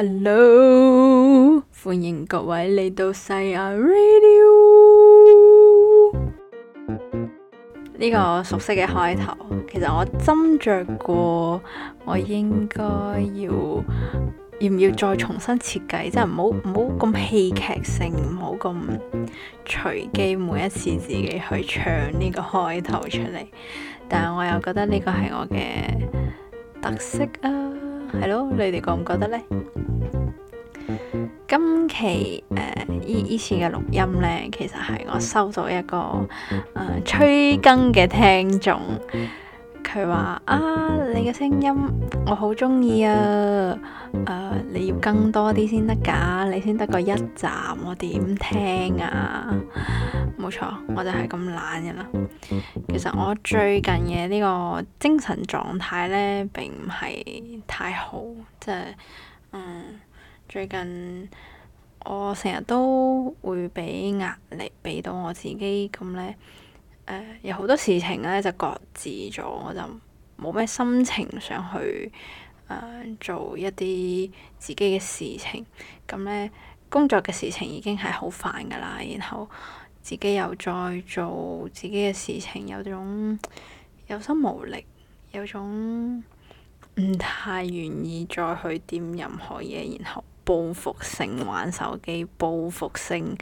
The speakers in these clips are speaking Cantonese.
Hello，歡迎各位嚟到細眼 Radio 呢個熟悉嘅開頭。其實我斟酌過，我應該要要唔要再重新設計，即係唔好唔好咁戲劇性，唔好咁隨機，每一次自己去唱呢個開頭出嚟。但係我又覺得呢個係我嘅特色啊，係咯？你哋覺唔覺得呢？今期誒，依、呃、依次嘅錄音呢，其實係我收到一個誒、呃、催更嘅聽眾，佢話啊，你嘅聲音我好中意啊，誒、呃，你要更多啲先得噶，你先得個一集我點聽啊？冇錯，我就係咁懶嘅啦。其實我最近嘅呢個精神狀態呢，並唔係太好，即係嗯。最近我成日都會俾壓力，俾到我自己咁咧。誒、呃，有好多事情咧就擱置咗，我就冇咩心情想去誒、呃、做一啲自己嘅事情。咁咧，工作嘅事情已經係好煩㗎啦，然後自己又再做自己嘅事情，有種有心無力，有種唔太願意再去掂任何嘢，然後。報復性玩手機，報復性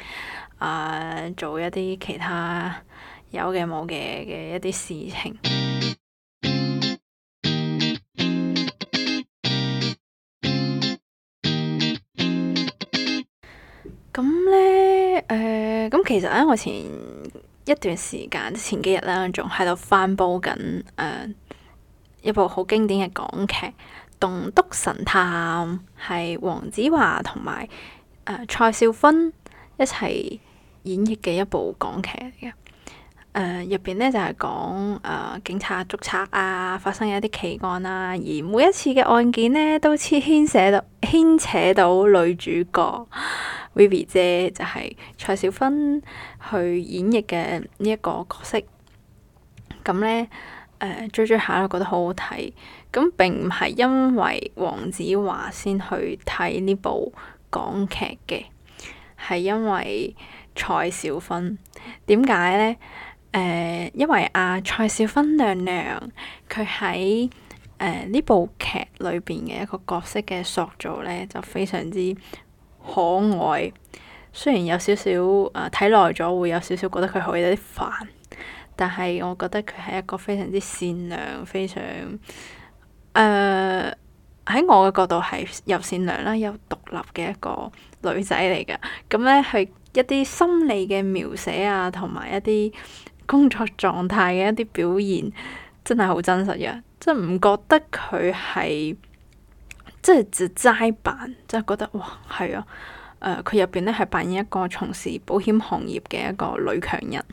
啊、呃，做一啲其他有嘅冇嘅嘅一啲事情。咁呢，誒， 咁、嗯嗯嗯、其實呢，我前一段時間，前幾日呢，仲喺度翻煲緊誒一部好經典嘅港劇。《棟篤神探》係黃子華同埋誒蔡少芬，一齊演繹嘅一部港劇嚟嘅，誒入邊咧就係講誒警察捉賊啊，發生嘅一啲奇案啊，而每一次嘅案件咧都牽牽扯到牽扯到女主角 Vivi 姐，就係蔡少芬去演繹嘅呢一個角色，咁咧誒追追下又覺得好好睇。咁並唔係因為黃子華先去睇呢部港劇嘅，係因為蔡少芬。點解呢？誒、呃，因為阿、啊、蔡少芬娘娘，佢喺誒呢部劇裏邊嘅一個角色嘅塑造呢，就非常之可愛。雖然有少少誒睇耐咗會有少少覺得佢可以有啲煩，但係我覺得佢係一個非常之善良、非常。誒喺、uh, 我嘅角度係又善良啦，又獨立嘅一個女仔嚟㗎。咁呢，係一啲心理嘅描寫啊，同埋一啲工作狀態嘅一啲表現，真係好真實嘅，即係唔覺得佢係即係就齋扮，即係覺得哇係啊！誒佢入邊呢係扮演一個從事保險行業嘅一個女強人。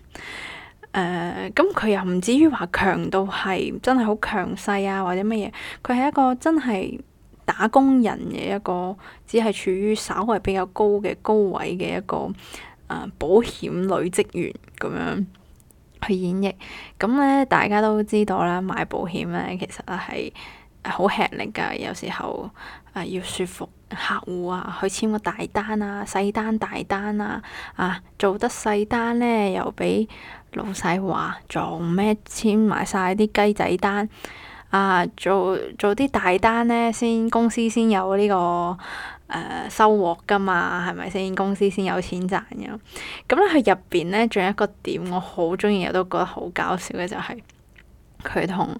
誒，咁佢、uh, 又唔至於話強到係真係好強勢啊，或者乜嘢？佢係一個真係打工人嘅一個，只係處於稍為比較高嘅高位嘅一個、呃、保險女職員咁樣去演繹。咁咧，大家都知道啦，買保險咧，其實係。好吃力㗎，有時候誒、呃、要説服客戶啊，去簽個大單啊、細單、大單啊，啊做得細單呢，又俾老細話做咩簽埋晒啲雞仔單啊，做做啲大單呢，先公司先有呢個、呃、收穫㗎嘛，係咪先？公司先有錢賺嘅。咁咧佢入邊呢，仲有一個點我，我好中意，我都覺得好搞笑嘅，就係佢同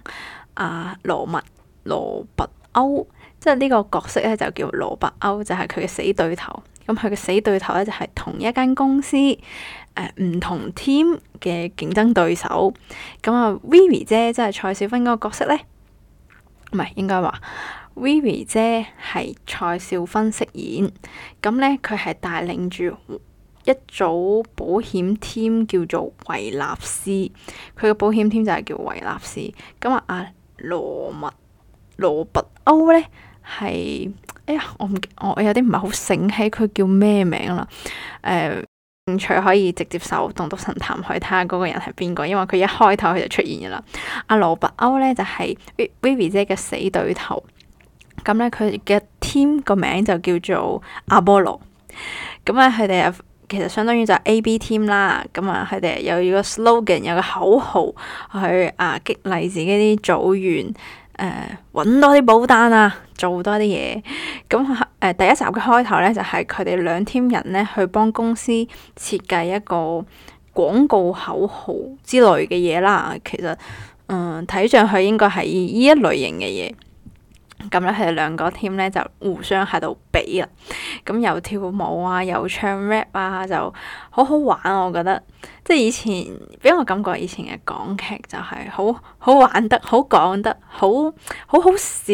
阿羅密。羅拔歐，即係呢個角色咧就叫羅拔歐，就係佢嘅死對頭。咁佢嘅死對頭咧就係同一間公司誒，唔、呃、同 team 嘅競爭對手。咁啊，Vivi 姐即係蔡少芬嗰個角色咧，唔係應該話 Vivi 姐係蔡少芬飾演。咁咧佢係帶領住一組保險 team，叫做維納斯。佢嘅保險 team 就係叫維納斯。咁啊，阿羅密。羅伯歐咧係，哎呀，我唔，我有啲唔係好醒起佢叫咩名啦。誒、呃，興趣可以直接搜《棟篤神探》去睇下嗰個人係邊個，因為佢一開頭佢就出現噶啦。阿、啊、羅伯歐咧就係 Vivi 姐嘅死對頭。咁、嗯、咧佢嘅 team 個名就叫做阿波羅。咁咧佢哋其實相當於就係 AB team 啦、嗯。咁、嗯、啊，佢、嗯、哋有個 slogan，有個口號去啊激勵自己啲組員。揾、uh，多啲保單啊，做多啲嘢。咁誒、呃，第一集嘅開頭呢，就係佢哋兩 team 人呢去幫公司設計一個廣告口號之類嘅嘢啦。其實，睇、嗯、上去應該係呢一類型嘅嘢。咁咧，佢哋兩個 team 咧就互相喺度比啊，咁又跳舞啊，又唱 rap 啊，就好好玩、啊。我覺得即係以前俾我感覺，以前嘅港劇就係好好玩得好講得好好好笑。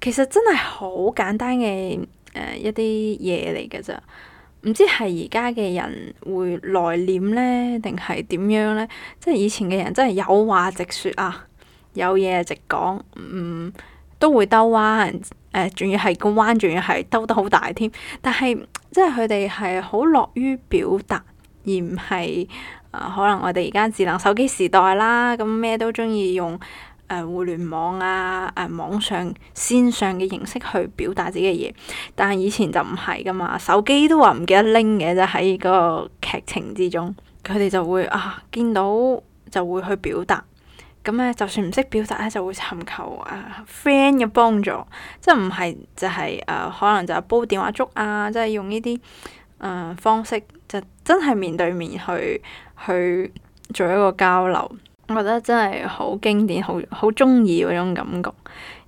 其實真係好簡單嘅誒、呃、一啲嘢嚟嘅咋。唔知係而家嘅人會內斂呢定係點樣呢？即係以前嘅人真係有話直説啊，有嘢直講，嗯。都會兜彎、啊，誒、呃，仲要係個彎，仲要係兜得好大添。但係，即係佢哋係好樂於表達，而唔係啊，可能我哋而家智能手機時代啦，咁咩都鍾意用誒、呃、互聯網啊、誒、啊、網上線上嘅形式去表達自己嘅嘢。但係以前就唔係㗎嘛，手機都話唔記得拎嘅，就喺個劇情之中，佢哋就會啊見到就會去表達。咁咧，就算唔識表達咧，就會尋求啊 friend 嘅幫助，即係唔係就係、是、誒、呃，可能就煲電話粥啊，即係用呢啲誒方式，就是、真係面對面去去做一個交流。我覺得真係好經典，好好中意嗰種感覺，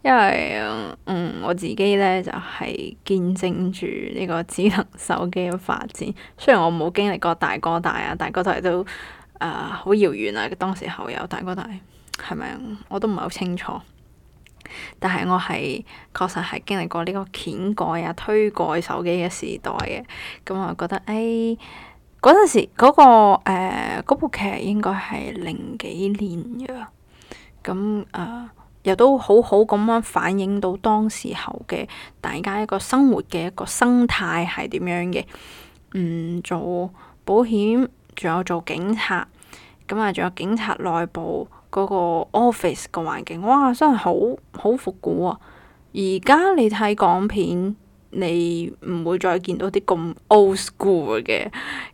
因為嗯我自己咧就係、是、見證住呢個智能手機嘅發展。雖然我冇經歷過大哥大啊，大哥大都誒好、呃、遙遠啊，當時候有大哥大。係咪？我都唔係好清楚，但係我係確實係經歷過呢個掀蓋啊、推蓋手機嘅時代嘅。咁、嗯、啊，我覺得誒嗰陣時嗰、嗰個誒嗰、呃、部劇應該係零幾年嘅。咁、嗯、誒、呃、又都好好咁樣反映到當時候嘅大家一個生活嘅一個生態係點樣嘅。嗯，做保險仲有做警察，咁、嗯、啊，仲有警察內部。嗰個 office 個環境，哇！真係好好復古啊！而家你睇港片，你唔會再見到啲咁 old school 嘅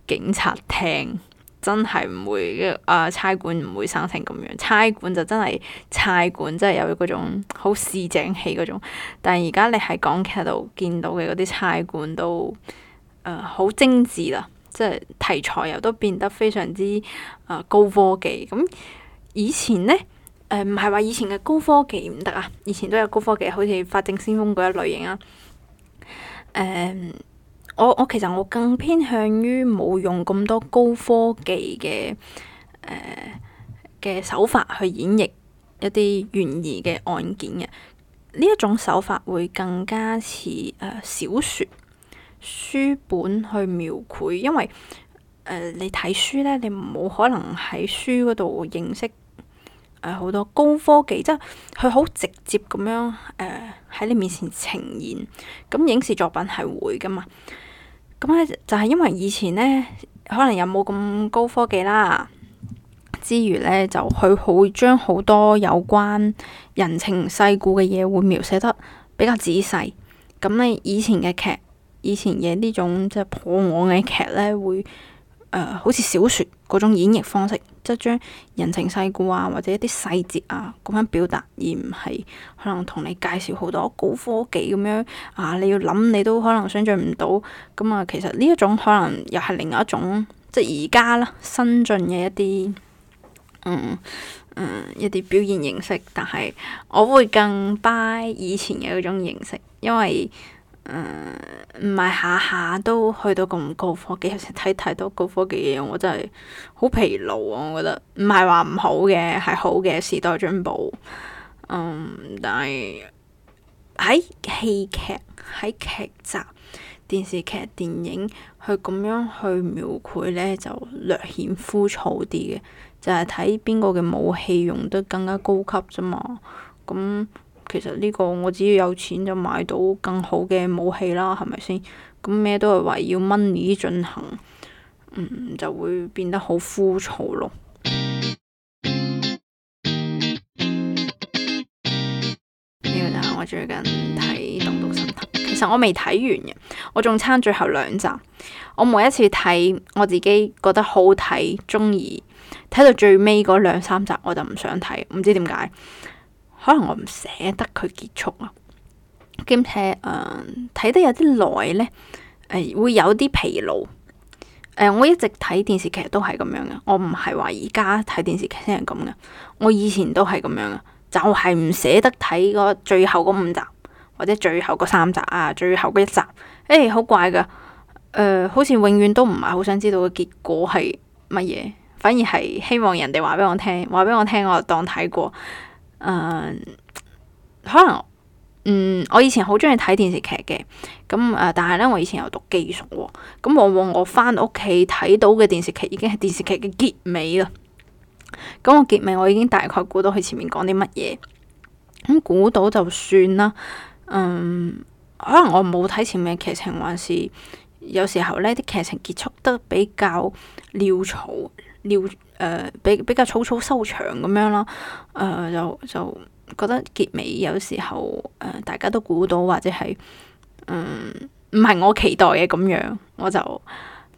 警察廳，真係唔會。啊，差館唔會生成咁樣，差館就真係差館，真係有嗰種好市井氣嗰種。但係而家你喺港劇度見到嘅嗰啲差館都，誒、啊、好精緻啦、啊，即係題材又都變得非常之、啊、高科技咁。嗯。以前呢，誒唔係話以前嘅高科技唔得啊！以前都有高科技，好似《法證先鋒》嗰一類型啊。誒、呃，我我其實我更偏向於冇用咁多高科技嘅嘅、呃、手法去演繹一啲懸疑嘅案件嘅。呢一種手法會更加似誒、呃、小説書本去描繪，因為誒你睇書咧，你冇可能喺書嗰度認識。係好多高科技。即係佢好直接咁樣誒喺你面前呈現。咁影視作品係會噶嘛？咁咧就係因為以前呢，可能又冇咁高科技啦，之餘呢，就佢會將好多有關人情世故嘅嘢會描寫得比較仔細。咁你以前嘅劇，以前嘅呢種即係破案嘅劇呢，會。誒、呃，好似小說嗰種演繹方式，即係將人情世故啊，或者一啲細節啊，咁樣表達，而唔係可能同你介紹好多高科技咁樣啊，你要諗你都可能想象唔到。咁、嗯、啊，其實呢一種可能又係另外一種，即係而家啦，新進嘅一啲，嗯，嗯，一啲表現形式。但係我會更 buy 以前嘅嗰種形式，因為。唔係下下都去到咁高科技，睇太多高科技嘢，我真係好疲勞啊！我覺得唔係話唔好嘅，係好嘅時代進步。嗯，但係喺戲劇、喺劇集、電視劇、電影去咁樣去描繪呢，就略顯枯燥啲嘅，就係睇邊個嘅武器用得更加高級啫嘛。咁。嗯。其實呢個我只要有錢就買到更好嘅武器啦，係咪先？咁咩都係圍繞 money 進行，嗯，就會變得好枯燥咯。呢 個咧，我最近睇《棟篤神探》。其實我未睇完嘅，我仲差最後兩集。我每一次睇，我自己覺得好睇，中意睇到最尾嗰兩三集，我就唔想睇，唔知點解。可能我唔捨得佢結束啊，兼且誒睇得有啲耐咧，誒、呃、會有啲疲勞。誒、呃、我一直睇電視劇都係咁樣嘅，我唔係話而家睇電視劇先係咁嘅，我以前都係咁樣嘅，就係、是、唔捨得睇嗰最後嗰五集，或者最後嗰三集啊，最後嗰一集，誒、欸呃、好怪㗎，誒好似永遠都唔係好想知道個結果係乜嘢，反而係希望人哋話俾我聽，話俾我聽，我就當睇過。誒，uh, 可能嗯，我以前好中意睇電視劇嘅，咁誒、呃，但係咧，我以前又讀技術、哦，咁往往我翻屋企睇到嘅電視劇已經係電視劇嘅結尾啦。咁我結尾我已經大概估到佢前面講啲乜嘢，咁、嗯、估到就算啦。嗯，可能我冇睇前面嘅劇情，還是有時候呢啲劇情結束得比較潦草，潦。誒、呃，比比較草草收場咁樣啦，誒、呃，就就覺得結尾有時候誒、呃，大家都估到或者係，嗯，唔係我期待嘅咁樣，我就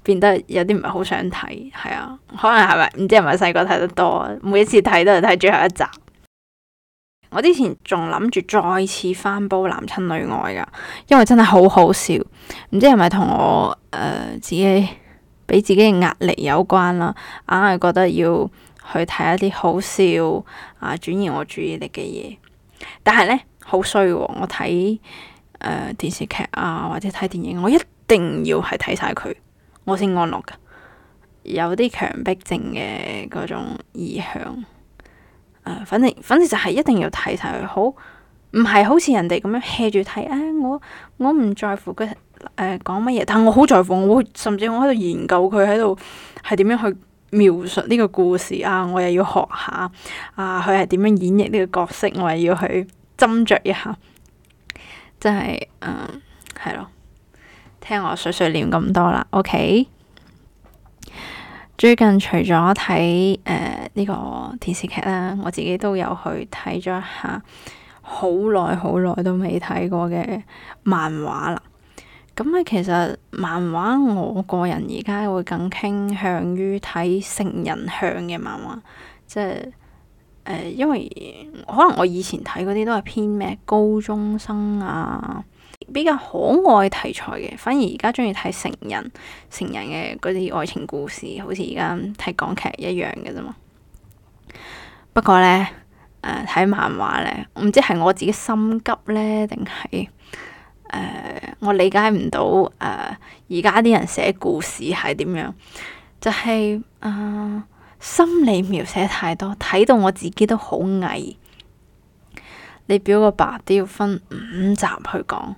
變得有啲唔係好想睇，係啊，可能係咪唔知係咪細個睇得多，每一次睇都係睇最後一集。我之前仲諗住再次翻煲《男親女愛》㗎，因為真係好好笑，唔知係咪同我誒、呃、自己。俾自己嘅壓力有關啦，硬、啊、係覺得要去睇一啲好笑啊，轉移我注意力嘅嘢。但係呢，好衰，我睇誒、呃、電視劇啊或者睇電影，我一定要係睇晒佢，我先安樂噶。有啲強迫症嘅嗰種意向、呃、反正反正就係一定要睇晒佢，好唔係好似人哋咁樣吃住睇啊！我我唔在乎佢。誒，講乜嘢？但我好在乎，我甚至我喺度研究佢喺度係點樣去描述呢個故事啊！我又要學下啊，佢係點樣演繹呢個角色，我又要去斟酌一下。真係誒，係、嗯、咯，聽我碎碎念咁多啦。OK，最近除咗睇誒呢個電視劇啦，我自己都有去睇咗一下很久很久，好耐好耐都未睇過嘅漫畫啦。咁啊，其實漫畫我個人而家會更傾向於睇成人向嘅漫畫，即係，呃，因為可能我以前睇嗰啲都係偏咩高中生啊，比較可愛題材嘅，反而而家中意睇成人成人嘅嗰啲愛情故事，好似而家睇港劇一樣嘅啫嘛。不過呢，呃，睇漫畫呢，唔知係我自己心急呢定係？誒，uh, 我理解唔到誒，而家啲人寫故事係點樣？就係、是、誒、uh, 心理描寫太多，睇到我自己都好危。你表個白都要分五集去講，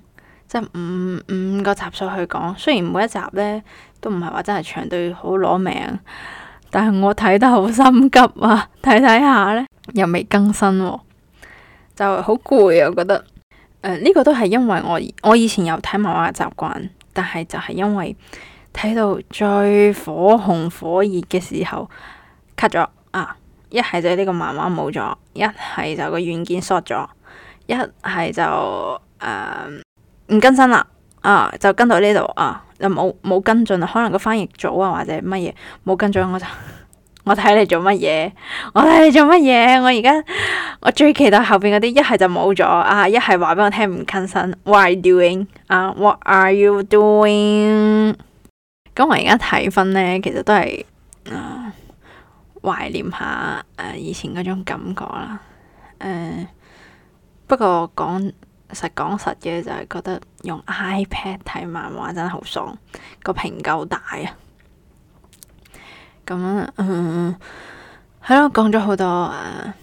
即係五五個集數去講。雖然每一集呢都唔係話真係長到好攞命，但係我睇得好心急啊！睇睇下呢，又未更新、啊，就好、是、攰啊，我覺得。呢、呃呢個都係因為我我以前有睇漫畫嘅習慣，但係就係因為睇到最火紅火熱嘅時候，cut 咗啊！一係就呢個漫畫冇咗，一係就個軟件縮咗，一係就唔、誒、更新啦啊！就跟到呢度啊，就冇冇跟進可能個翻譯組啊或者乜嘢冇跟進，我就。 我睇你做乜嘢？我睇你做乜嘢？我而家我最期待後邊嗰啲，一係就冇咗啊，一係話俾我聽唔更新。Why doing？啊，What are you doing？咁、uh, 我而家睇返呢，其實都係懷、呃、念下、呃、以前嗰種感覺啦、呃。不過講實講實嘅就係覺得用 iPad 睇漫畫真係好爽，個屏夠大啊！咁樣，嗯，係咯，講咗好多啊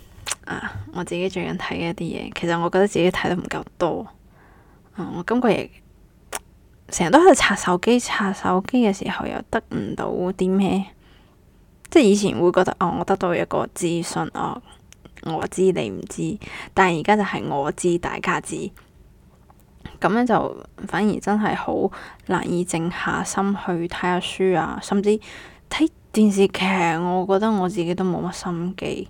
啊！我自己最近睇嘅一啲嘢，其實我覺得自己睇得唔夠多。我、啊、今個月成日都喺度刷手機，刷手機嘅時候又得唔到啲咩？即係以前會覺得哦、啊，我得到一個資訊哦，我知你唔知，但係而家就係我知大家知。咁樣就反而真係好難以靜下心去睇下書啊，甚至睇。電視劇，我覺得我自己都冇乜心機，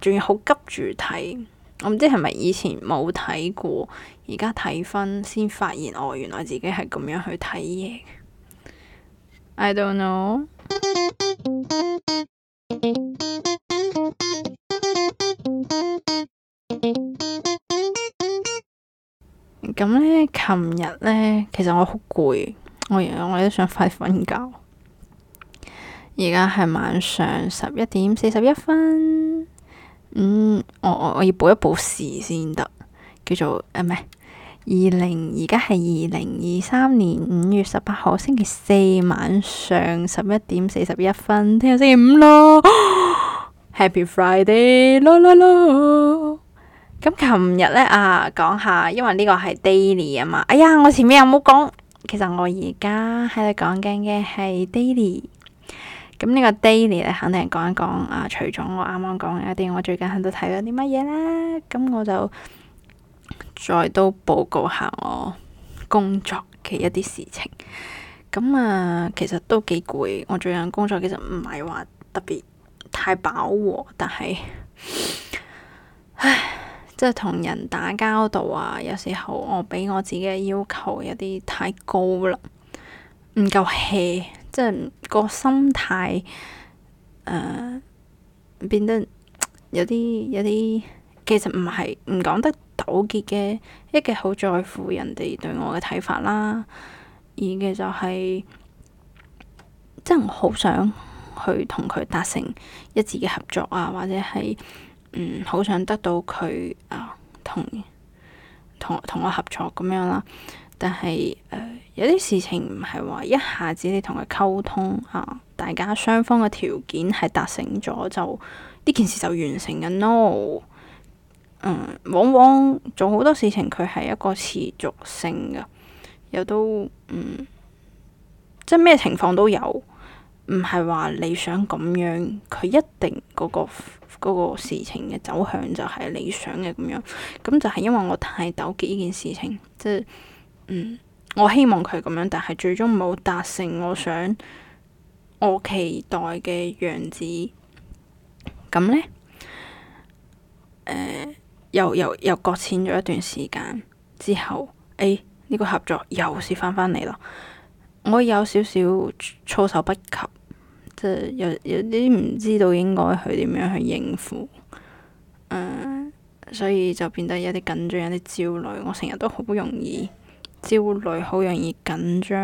仲、嗯、要好急住睇。我唔知係咪以前冇睇過，而家睇翻先發現，哦，原來自己係咁樣去睇嘢。I don't know。咁、 嗯、呢，琴日呢，其實我好攰，我原來我我都想快瞓覺。而家係晚上十一點四十一分。嗯，我我我要補一補時先得，叫做誒，唔係二零而家係二零二三年五月十八號星期四晚上十一點四十一分。聽日星期五咯、啊，Happy Friday 咯。咁琴日呢啊，講下，因為呢個係 daily 啊嘛。哎呀，我前面有冇講，其實我而家喺度講緊嘅係 daily。咁呢個 daily 咧，肯定講一講啊。除咗我啱啱講一啲，我最近喺度睇咗啲乜嘢啦。咁我就再都報告下我工作嘅一啲事情。咁啊，其實都幾攰。我最近工作其實唔係話特別太飽和，但係，唉，即係同人打交道啊。有時候我俾我自己嘅要求有啲太高啦，唔夠 h 即係個心態，誒、呃，變得有啲有啲，其實唔係唔講得糾結嘅，一嚟好在乎人哋對我嘅睇法啦，二嚟就係、是，即係我好想去同佢達成一致嘅合作啊，或者係，嗯，好想得到佢啊，同同同我合作咁樣啦。但係，誒、呃、有啲事情唔係話一下子你同佢溝通吓、啊，大家雙方嘅條件係達成咗，就呢件事就完成嘅咯。嗯，往往做好多事情佢係一個持續性嘅，又都嗯，即係咩情況都有，唔係話你想咁樣，佢一定嗰、嗰個嗰個事情嘅走向就係理想嘅咁樣。咁就係因為我太糾結呢件事情，即係。嗯，我希望佢咁樣，但係最終冇達成我想我期待嘅樣子。咁呢，呃、又又又擱淺咗一段時間之後，誒、欸、呢、這個合作又是翻返嚟啦。我有少少措手不及，即係有有啲唔知道應該去點樣去應付。誒、呃，所以就變得有啲緊張，有啲焦慮。我成日都好容易。焦慮好容易緊張，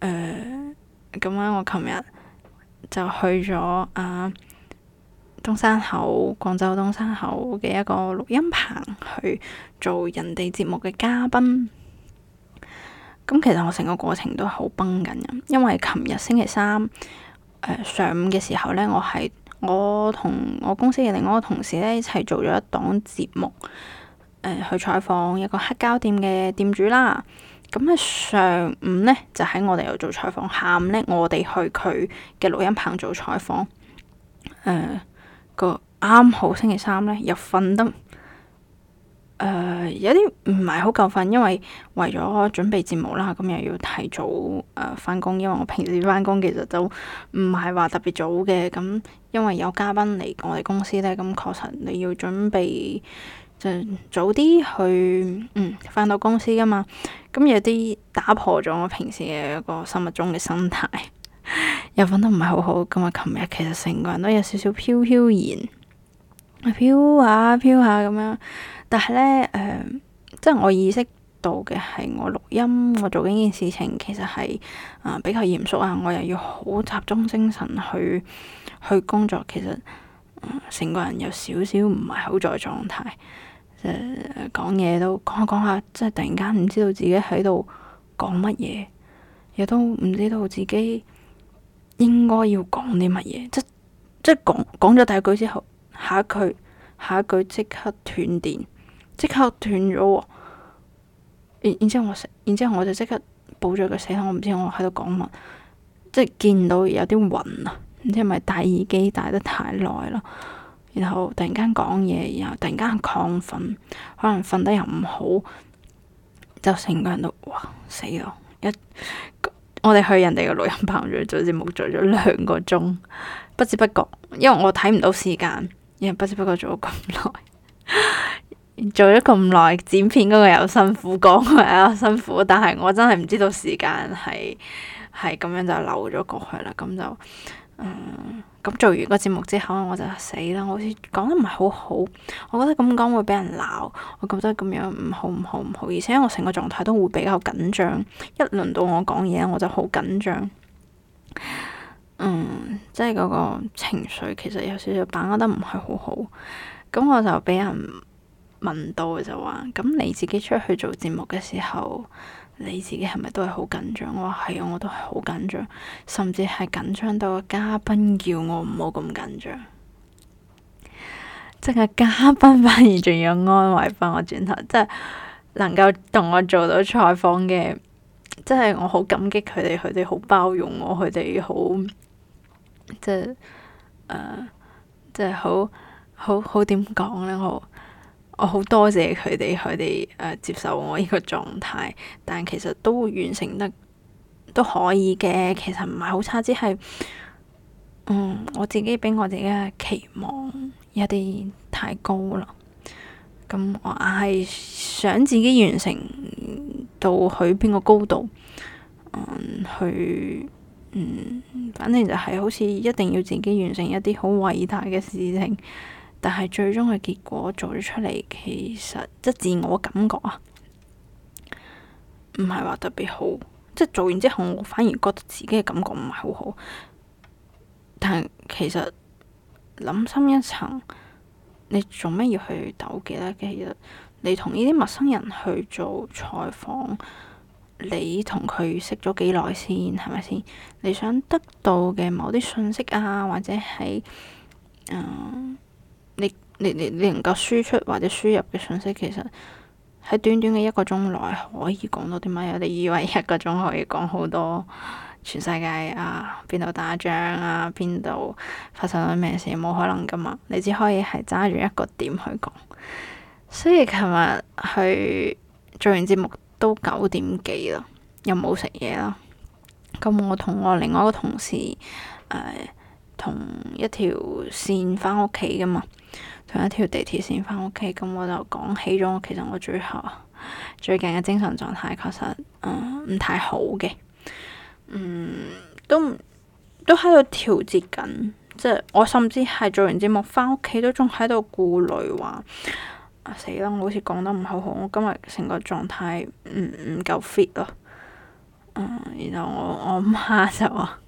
咁、呃、咧！我琴日就去咗啊東山口，廣州東山口嘅一個錄音棚去做人哋節目嘅嘉賓。咁、嗯、其實我成個過程都好繃緊嘅，因為琴日星期三、呃、上午嘅時候呢，我係我同我公司嘅另外一個同事呢，一齊做咗一檔節目。誒、呃，去採訪一個黑膠店嘅店主啦。咁啊，上午呢，就喺我哋度做採訪，下午呢，我哋去佢嘅錄音棚做採訪。誒、呃，個啱好星期三呢，又瞓得誒、呃，有啲唔係好夠瞓，因為為咗準備節目啦，咁又要提早誒翻工。因為我平時翻工其實都唔係話特別早嘅，咁因為有嘉賓嚟我哋公司呢，咁確實你要準備。就早啲去，嗯，翻到公司噶嘛，咁、嗯、有啲打破咗我平時嘅一個生物鐘嘅心態，又瞓得唔係好好，咁、嗯、啊，琴日其實成個人都有少少飄飄然，飄下飄下咁樣，但係呢，誒、呃，即係我意識到嘅係我錄音，我做緊呢件事情其實係啊、呃、比較嚴肅啊，我又要好集中精神去去工作，其實成、呃、個人有少少唔係好在狀態。誒，講嘢都講下講下，即係突然間唔知道自己喺度講乜嘢，亦都唔知道自己應該要講啲乜嘢，即即係講講咗第一句之後，下一句下一句即刻斷電，即刻斷咗。然然之後我，然之後我就即刻保咗個死口，我唔知我喺度講乜，即係見到有啲暈啊，唔知係咪戴耳機戴得太耐啦。然後突然間講嘢，然後突然間亢奮，可能瞓得又唔好，就成個人都哇死咗！一我哋去人哋嘅錄音棚，做節目，做咗兩個鐘，不知不覺，因為我睇唔到時間，然後不知不覺做咗咁耐， 做咗咁耐，剪片嗰個又辛苦，講嘢又辛苦，但係我真係唔知道時間係係咁樣就流咗過去啦，咁就嗯。咁做完個節目之後，我就死啦！我好似講得唔係好好，我覺得咁講會俾人鬧，我覺得咁樣唔好唔好唔好。而且我成個狀態都會比較緊張，一輪到我講嘢，我就好緊張。嗯，即係嗰個情緒其實有少少把握得唔係好好。咁我就俾人問到，就話：咁你自己出去做節目嘅時候。你自己係咪都係好緊張？我話係啊，我都係好緊張，甚至係緊張到個嘉賓叫我唔好咁緊張。即係嘉賓反而仲要安慰翻我，轉頭即係能夠同我做到採訪嘅，即係我好感激佢哋，佢哋好包容我，佢哋好即係誒，即係好好好點講呢？我。我好多謝佢哋，佢哋誒接受我呢個狀態，但其實都完成得都可以嘅，其實唔係好差，只係嗯，我自己俾我自己嘅期望有啲太高啦。咁、嗯、我係、嗯、想自己完成到去邊個高度？嗯去嗯，反正就係好似一定要自己完成一啲好偉大嘅事情。但係最終嘅結果做咗出嚟，其實即自我感覺啊，唔係話特別好。即係做完之後，我反而覺得自己嘅感覺唔係好好。但係其實諗深一層，你做咩要去糾結呢？其實你同呢啲陌生人去做採訪，你同佢識咗幾耐先係咪先？你想得到嘅某啲信息啊，或者係嗯。你你你你能夠輸出或者輸入嘅信息，其實喺短短嘅一個鐘內可以講到啲乜？有你以為一個鐘可以講好多，全世界啊，邊度打仗啊，邊度發生咗咩事？冇可能㗎嘛！你只可以係揸住一個點去講。所以琴日去做完節目都九點幾啦，又冇食嘢啦。咁我同我另外一個同事誒。呃同一條線返屋企噶嘛，同一條地鐵線返屋企，咁我就講起咗。其實我最後最近嘅精神狀態，確實，嗯，唔太好嘅。嗯，都都喺度調節緊，即係我甚至係做完節目返屋企都仲喺度顧慮話，啊，死啦！我好似講得唔好好，我今日成個狀態唔唔夠 fit 咯。嗯，然後我我媽就話。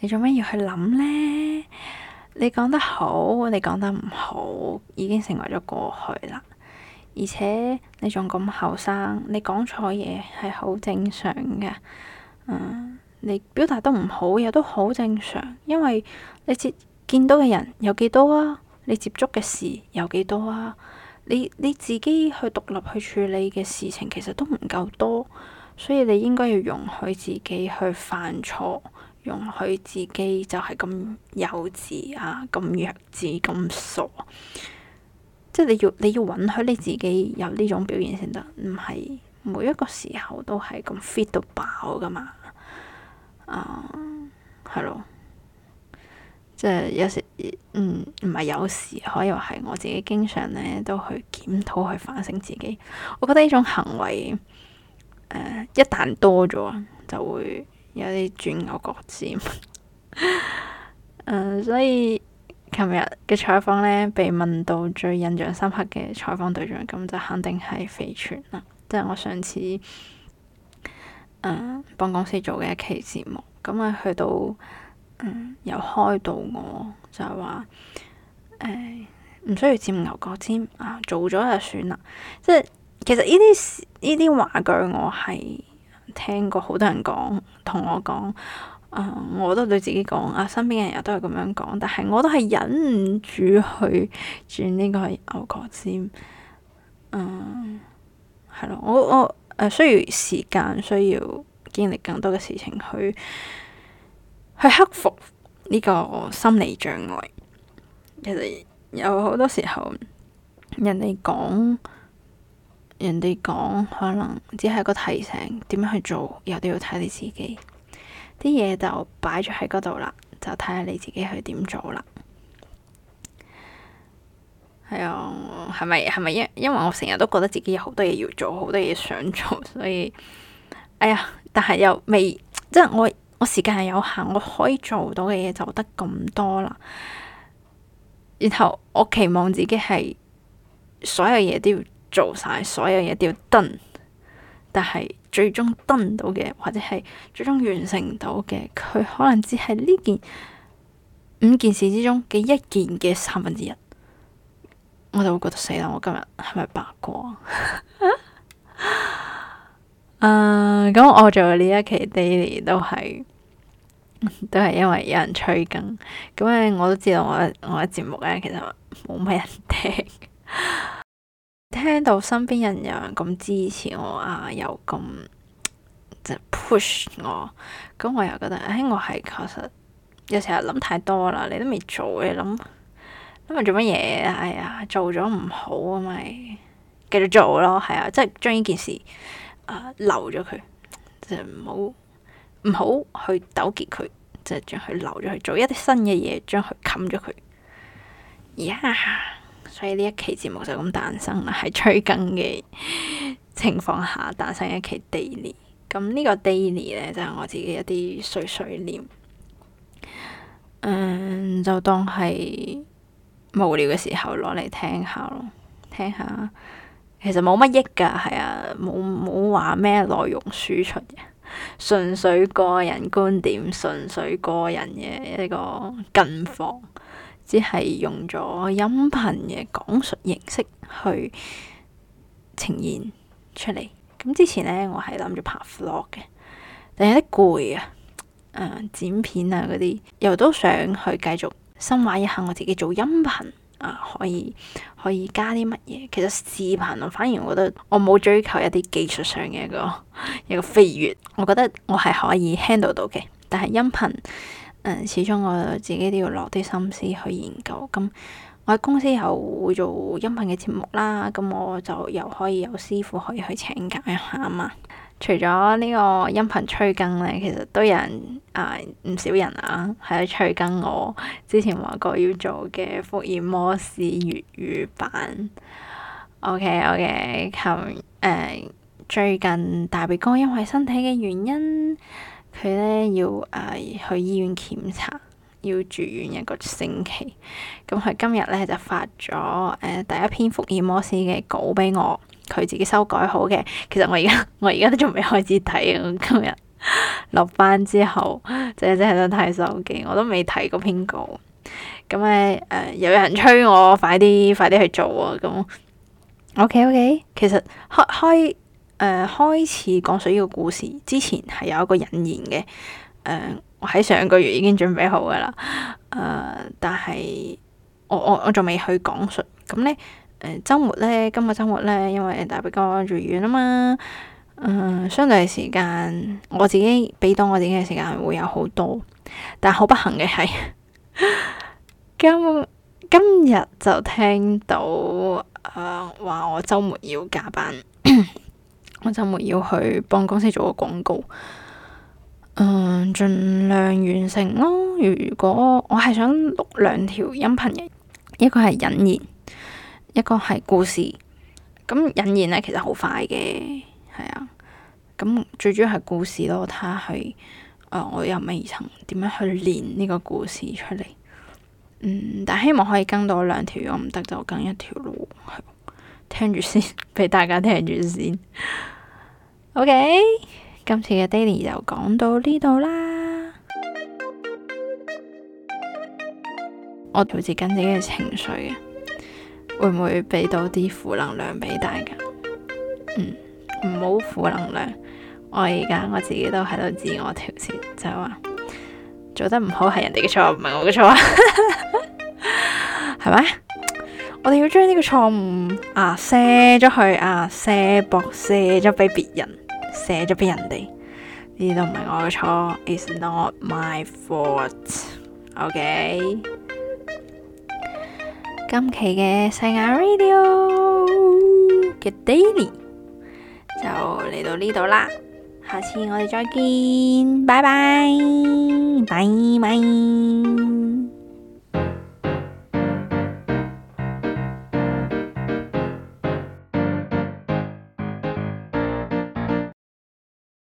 你做咩要去諗呢？你講得好，你講得唔好，已經成為咗過去啦。而且你仲咁後生，你講錯嘢係好正常嘅。嗯，你表達得唔好，亦都好正常，因為你接見到嘅人有幾多啊？你接觸嘅事有幾多啊？你你自己去獨立去處理嘅事情，其實都唔夠多，所以你應該要容許自己去犯錯。容許自己就係咁幼稚啊，咁弱智，咁傻，傻，即係你要你要允許你自己有呢種表現先得，唔係每一個時候都係咁 fit 到爆噶嘛，啊、嗯，係咯，即係有時，嗯，唔係有時可以話係我自己經常呢都去檢討去反省自己，我覺得呢種行為，呃、一旦多咗就會。有啲鑽牛角尖， 嗯，所以琴日嘅採訪咧，被問到最印象深刻嘅採訪對象，咁就肯定係肥泉啦，即係我上次誒、嗯嗯、幫公司做嘅一期節目，咁啊去到嗯又開導我，就係話誒唔需要鑽牛角尖啊，做咗就算啦。即係其實呢啲呢啲話句我，我係。聽過好多人講，同我講，啊、嗯，我都對自己講，啊，身邊嘅人都係咁樣講，但係我都係忍唔住去轉呢個牛角尖。嗯，係咯，我我、呃、需要時間，需要經歷更多嘅事情去去克服呢個心理障礙。其實有好多時候，人哋講。人哋講可能只係一個提醒，點樣去做又都要睇你自己，啲嘢就擺咗喺嗰度啦，就睇下你自己去點做啦。係啊、嗯，係咪係咪因因為我成日都覺得自己有好多嘢要做，好多嘢想做，所以哎呀，但係又未即係我我時間係有限，我可以做到嘅嘢就得咁多啦。然後我期望自己係所有嘢都要。做晒所有嘢都要登，但係最終登到嘅，或者係最終完成到嘅，佢可能只係呢件五件事之中嘅一件嘅三分之一，我就會覺得死啦！我今日係咪白過啊？咁、 uh, 我做呢一期 daily 都係都係因為有人催更，咁我都知道我我嘅節目咧其實冇乜人聽。聽到身邊人有人咁支持我啊，又咁即、即係、push 我，咁我又覺得誒、哎，我係確實有成日諗太多啦，你都未做，你諗諗下做乜嘢？哎呀，做咗唔好咪繼續做咯，係啊，即係將呢件事啊、呃、留咗佢，就係唔好唔好去糾結佢，即係將佢留咗去做一啲新嘅嘢，將佢冚咗佢。y、Yeah. e 所以呢一期節目就咁誕生啦，喺催更嘅情況下誕生一期 daily。咁、嗯這個、da 呢個 daily 咧就係、是、我自己一啲碎碎念，嗯，就當係無聊嘅時候攞嚟聽下咯，聽下。其實冇乜益噶，係啊，冇冇話咩內容輸出嘅，純粹個人觀點，純粹個人嘅一個近況。只係用咗音頻嘅講述形式去呈現出嚟。咁之前呢，我係諗住拍 vlog 嘅，但有啲攰啊，剪片啊嗰啲，又都想去繼續深化一下我自己做音頻啊、呃，可以可以加啲乜嘢？其實視頻我反而我覺得我冇追求一啲技術上嘅一個一個飛躍，我覺得我係可以 handle 到嘅。但係音頻。始終我自己都要落啲心思去研究。咁我喺公司又會做音頻嘅節目啦，咁我就又可以有師傅可以去請教下啊嘛。除咗呢個音頻催更咧，其實都有人誒唔、啊、少人啊，喺度催更我之前話過要做嘅福爾摩斯粵語版。OK，OK、okay, okay, 同、嗯、誒最近大鼻哥因為身體嘅原因。佢咧要誒、呃、去醫院檢查，要住院一個星期。咁、嗯、佢今日咧就發咗誒、呃、第一篇福爾摩斯嘅稿俾我，佢自己修改好嘅。其實我而家我而家都仲未開始睇啊！今日落 班之後，即係即係喺度睇手機，我都未睇過篇稿。咁咧誒，有人催我快啲快啲去做啊！咁 OK OK，其實開開。開誒、呃，開始講述呢個故事之前係有一個引言嘅。誒、呃，我喺上個月已經準備好噶啦。誒、呃，但係我我我仲未去講述。咁咧，誒、呃，周末咧，今日周末咧，因為大伯哥住院啊嘛。嗯、呃，相對時間我自己俾到我自己嘅時間會有好多，但好不幸嘅係 今今日就聽到誒話、呃、我周末要加班。 我周末要去幫公司做個廣告，嗯，盡量完成咯。如果我係想錄兩條音頻，一個係引言，一個係故事。咁引言咧其實好快嘅，係啊。咁最主要係故事咯，睇下係，誒、呃，我又未曾點樣去練呢個故事出嚟。嗯，但希望可以跟到兩條，如果唔得就跟一條咯，係。聽住先，俾大家聽住先。OK，今次嘅 Daily 就講到呢度啦。 我調節緊自己嘅情緒嘅，會唔會俾到啲負能量俾大家？嗯，唔好負能量。我而家我自己都喺度自我調節，就係話做得唔好係人哋嘅錯，唔係我嘅錯啊，係 咪？我哋要將呢個錯誤啊，卸咗去啊，卸膊卸咗俾別人，卸咗俾人哋，呢啲都唔係我嘅錯，it's not my fault，OK？Okay？今期嘅細眼 radio 嘅 daily 就嚟到呢度啦，下次我哋再見，拜拜，拜拜。